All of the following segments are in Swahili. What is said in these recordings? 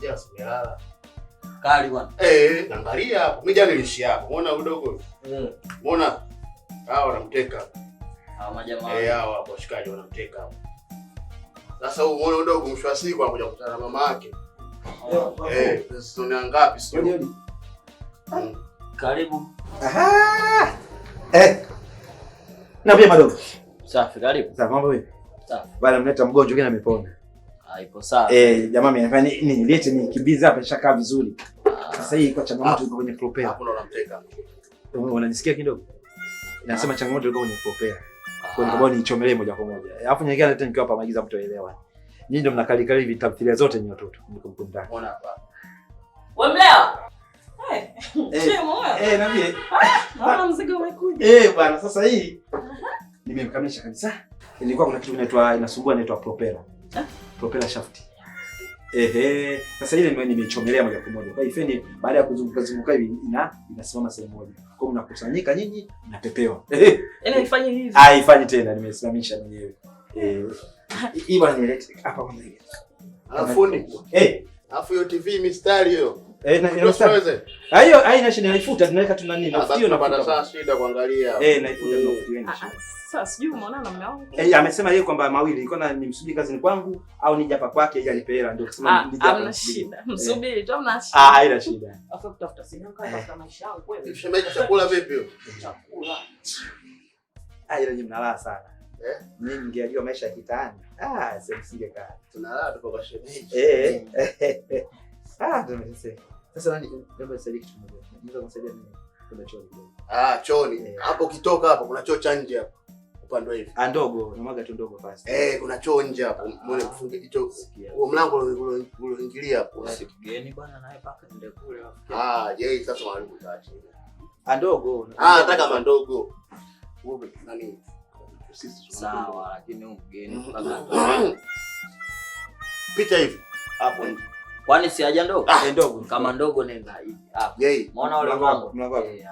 sija simelala. Kali bwana. Eh, eh, angalia hapo. Mimi jana nilishia hapo. Umeona udogo? Mm. Umeona? Hao wanamteka. Hao majamaa. Eh, hao hapo shikaji wanamteka hapo. Sasa huyu umeona udogo mshwa siku anakuja kukutana na mama yake. Oh. Eh, sio ni ngapi sio? Hmm. Karibu. Aha. Eh. Na pia madogo. Safi, karibu. Safi, mambo vipi? Safi. Bwana mleta mgonjwa kina amepona. Haipo sawa. Eh, jamaa mnafanya nini? Nilete kibizi hapa ishakaa vizuri. Sasa hii kwa changamoto ah, iko kwenye propea. Hakuna unamteka. Unanisikia kidogo? Nasema ah. changamoto iko kwenye propea. Kwa hiyo ah. ni niichomelee moja kwa moja. Alafu nyingine hata nikiwa hapa maagiza mtoelewa. Nyinyi ndio mnakali kali vitamthilia zote nyinyi watoto. Mko mko ndani. Ona hapa. Wewe mleo. Eh, na vile. Mama mzigo umekuja. Eh, bwana sasa hii nimemkamilisha kabisa. Ilikuwa kuna kitu kinaitwa inasumbua inaitwa propela propela shaft. Ehe, sasa ile nimechomelea moja kwa moja. Kwa hiyo feni baada ya kuzunguka zunguka hivi ina inasimama sehemu moja. Kwa hiyo mnakusanyika nyinyi mnapepewa. Ehe. Ile yaani ifanye hivi. Ah, ifanye tena, nimesimamisha mwenyewe. Eh. Hii bwana nilete hapa kwa mimi. Alafu ni. Eh. Alafu hiyo TV mistari hiyo. Eh, na inaweza. Ah, ah, shida naifuta tunaweka tuna ah, nini? shida kuangalia. Eh, naifuta mm. Sasa sijui umeona na mume wangu. Eh, amesema yeye kwamba mawili iko na nimsubiri kazini kwangu au nije hapa kwake ili anipe hela ndio kusema nije hapa. Hamna shida. Eh. Msubiri tu hamna shida. Ah, haina shida. Afa kutafuta kama eh. kama kweli. Shemeji chakula vipi Chakula. Ah, ile sana. Eh? Mimi ningejua maisha ya Ah, sasa singekaa. Tunalala kwa shemeji. Eh. Ah, ndio nimesema. Sasa ah, eh. Hapo ukitoka hapo kuna choo cha nje hapo. Upande hivi. Ah, ndogo, namwaga tu ndogo fast. Eh, kuna choo nje hapo. Ah, Mbona kufunga hicho. Huo mlango ulioingilia hapo. Si kigeni bwana naye paka ndio kule. Ah, je, sasa wale kaachi. Ah, ndogo. Ah, nataka mandogo. Wewe nani? Sisi sawa, lakini huyu mgeni kaka. Mm-hmm. Pita hivi. Hapo nje. Kwani si haja ndogo? Ah, eh, ndogo. Kama ndogo nenda hivi. Hapo. wale wangu? Eh,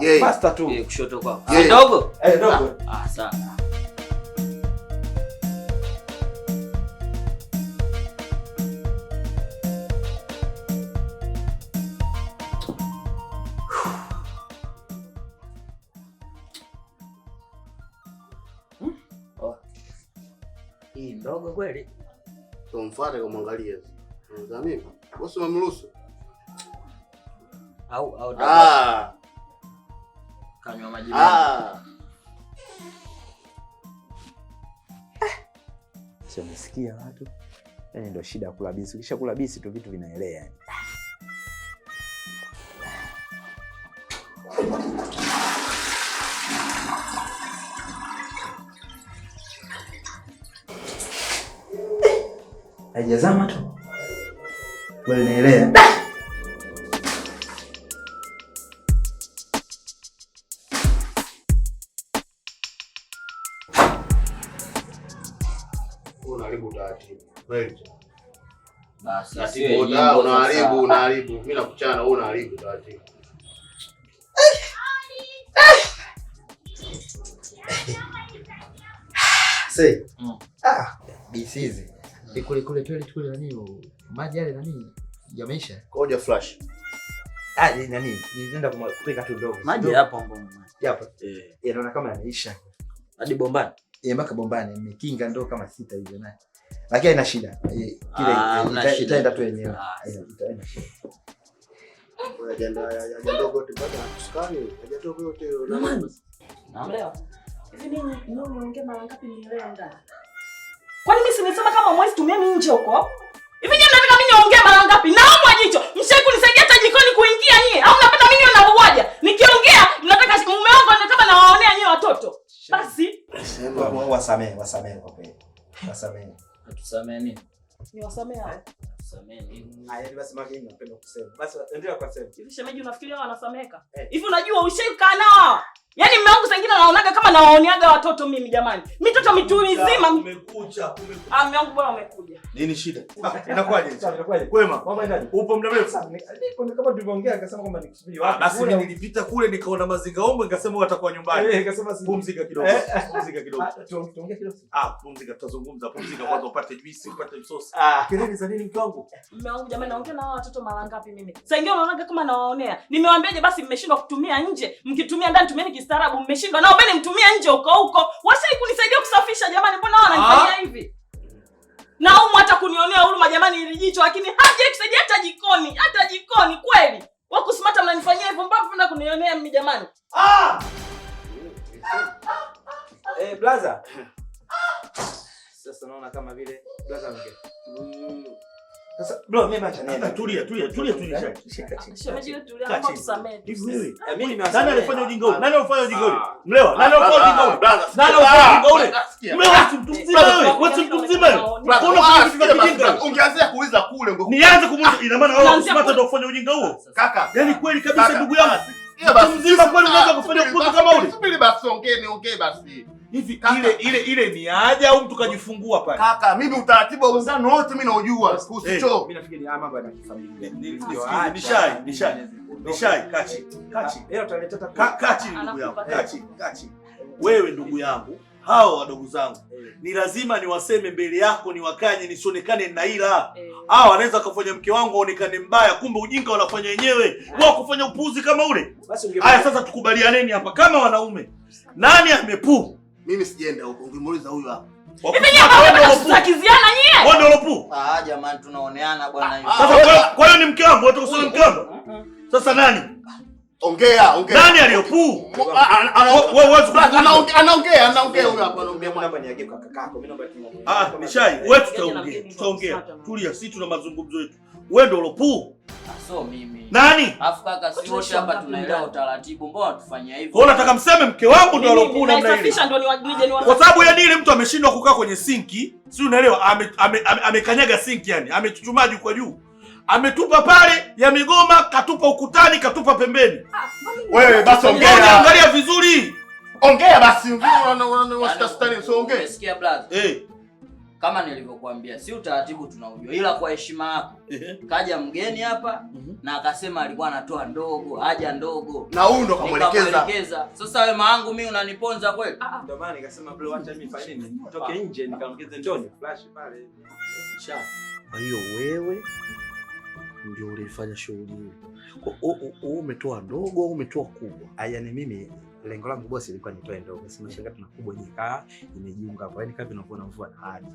Yeye. Basta tu. Eh, ah, Yeye kushoto kwako. Ah, ndogo? Eh, ndogo. Ah, ah sana. Oh. Hii ndogo kweli? Tumfuate kumwangalia. Mzamivu. Bosi mamruhusu. Au au ah. Kanywa maji. Ah. Sio msikia watu. Yaani ndio shida ya kulabisi. Ukisha kulabisi tu vitu vinaelea yani. Haijazama tu. Unanielewa? Unaharibu taratibu. Kweli. Basi unaharibu, unaharibu. Mimi nakuchana, wewe unaharibu taratibu. Say. Mm. Ah, bisizi kule kule toilet kule nani oh, maji yale nani yameisha. Kwa flash. Ah, ni nani? Nilienda kupika tu ndogo. Maji hapo hapo. Hapo. Eh. Yanaona kama yameisha. Hadi bombani. Eh, mpaka bombani nimekinga ndoo kama sita hivi naye. Lakini haina shida. Eh, kile ah, itaenda tu yenyewe. Ah. Itaenda. Hivi nini? Mimi niongea mara ngapi nienda? Kwani mimi sinisema kama mwezi tumieni nje huko? Hivi nyinyi mnataka mimi niongee mara ngapi? Naumwa jicho. Mshawahi kunisaidia hata jikoni kuingia nyie? Au mnapata mimi ninaowaja? Nikiongea mnataka mume wangu anataka na waonea nyie watoto. Basi. Sema wasamee, wasamee kwa kweli. Wasamee. Tusamee nini? Ni wasamee hao. Shemeji, unafikiria wanasameka eh. hivi? Unajua ushakaa nao Yaani mume wangu sengine naonaga kama nawaoneaga watoto mimi jamani. Mitoto mitu mizima. Umekuja, umekuja. Ah, mume wangu bwana umekuja. Nini shida? Ah, inakuwaje? Inakuwaje? Kwema. Mambo inaje? Upo muda mrefu? Niko ni kama tulivyoongea akasema kwamba nikusubiri wapi. Ah, basi mimi nilipita kule nikaona mazinga ombo nikasema watakuwa nyumbani. Eh, akasema si pumzika kidogo. Eh. Pumzika kidogo. Ah, Tuongea kidogo. Ah, pumzika tutazungumza, pumzika kwanza upate juisi, upate msosi. Ah, kelele za nini mke wangu? Mume wangu jamani naongea na watoto mara ngapi mimi? Sengine naonaga kama nawaonea. Nimewaambiaje basi mmeshindwa kutumia nje, mkitumia ndani tumieni kistaarabu mmeshindwa. Naomba nimtumie nje huko huko. Washai kunisaidia kusafisha jamani, mbona wao wananifanyia ah. hivi? Na umu hata kunionea huruma jamani, ili jicho lakini haje kusaidia hata jikoni, hata jikoni kweli. Wao kusimata mnanifanyia hivyo mbona mpenda kunionea mimi jamani? Ah! Eh, blaza. Sasa naona kama vile blaza mke. Mm. Sasa bro, mimi acha nenda. Tulia, tulia, tulia, tulia. Shemeji wetu tulia, naomba tusamehe. Hivi eh, wewe. Ah. Nani alifanya ujinga ule? Nani ah. alifanya ujinga ule? Mlewa. Nani alifanya ujinga ule? Nani alifanya ujinga ule? Mlewa mtumzima wewe. Wewe si mtumzima wewe. Mbona unafanya ujinga? Ungeanza kuuliza kule ngoko. Nianze kumuuliza, ina maana wewe usimata ndio kufanya ujinga huo? Kaka. Yaani kweli kabisa ndugu yangu. Mtumzima kweli unaweza kufanya ujinga kama ule? Subiri basi, ongee, ongee basi hivi ile ile ile ni aje au mtu kajifungua pale? Kaka, mimi utaratibu wa uzani wote mimi naujua. Usicho. Eh. Mimi nafikiri haya mambo ya kifamilia. shai ni shai. kachi. Kachi. Ah, leo tutaleta kachi ndugu yangu. Kachi, kachi. Wewe ndugu yangu, hao wadogo zangu eh. ni lazima niwaseme mbele yako, niwakanye nisionekane na ila eh. hao wanaweza kufanya mke wangu aonekane mbaya, kumbe ujinga wanafanya wenyewe wao, kufanya upuuzi kama ule. Basi Haya, sasa tukubalianeni hapa kama wanaume, nani amepuu mimi sijaenda huko. Ungemuuliza huyu hapa. Ah, kwa hiyo ni mke wangu, mke wangu. Sasa nani? Ongea, ongea. Nani aliyopuu? Ah, Mishai, wewe tutaongea, tutaongea. Tulia, sisi tuna mazungumzo yetu. Wewe ndio ulopuu. So mimi. Nani? Alafu kaka si wote hapa tunaelewa utaratibu. Mbona hivyo? Wewe unataka mseme mke wangu ndio alokuu mna ile. Kwa sababu yani ile mtu ameshindwa kukaa kwenye sinki, si unaelewa? Amekanyaga ame, ame, ame sinki yani, amechuchumaa juu kwa juu. Ametupa pale ya migoma, katupa ukutani, katupa pembeni. Ah, Wewe basi ongea. Angalia vizuri. Ongea basi, ongea, unaona unaona, unaona, unaona, unaona, unaona, unaona, unaona, kama nilivyokuambia, si utaratibu tunaujua, ila kwa heshima yako kaja mgeni hapa mhm. na akasema alikuwa anatoa ndogo, haja ndogo, na huyu ndo kamwelekeza. Sasa wewe maangu, mimi unaniponza kweli? Ah, ah. Ndio maana nikasema bro, acha mimi fanye nini, nitoke ah. nje nikamkeze ndoni flash pale. cha. Kwa hiyo wewe ndio ulifanya shughuli hiyo, umetoa ndogo au umetoa kubwa? Aya, ni mimi lengo langu bosi ilikuwa nitoe ndogo, sema shirika tuna kubwa nyinyi kaa imejiunga hapo, yani kapi unakuwa unavuta na hadi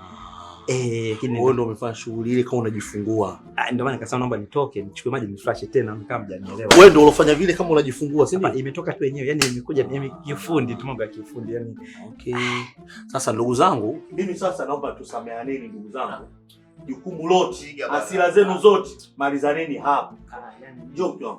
ah. eh, lakini wewe ndio umefanya shughuli ile kama unajifungua. Ah, ndio maana nikasema naomba nitoke nichukue maji niflash tena, kama mjanielewa. Wewe ndio ulofanya vile kama unajifungua, si ndio? Imetoka tu yenyewe, yani imekuja mimi yaani kifundi tu, mambo ya kifundi yani. Okay, sasa ndugu zangu, mimi sasa naomba tusamehaneni ndugu zangu jukumu lote, hasira zenu zote malizaneni hapo. Ah, yani Njoo mtu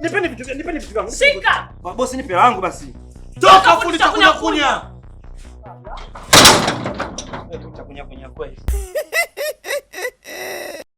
Nipeni vitu vyangu. Nipeni vitu vyangu. Shika. Bosi nipe langu basi. Toka kuni chakunya kunya. Kunya kunya kwa hiyo.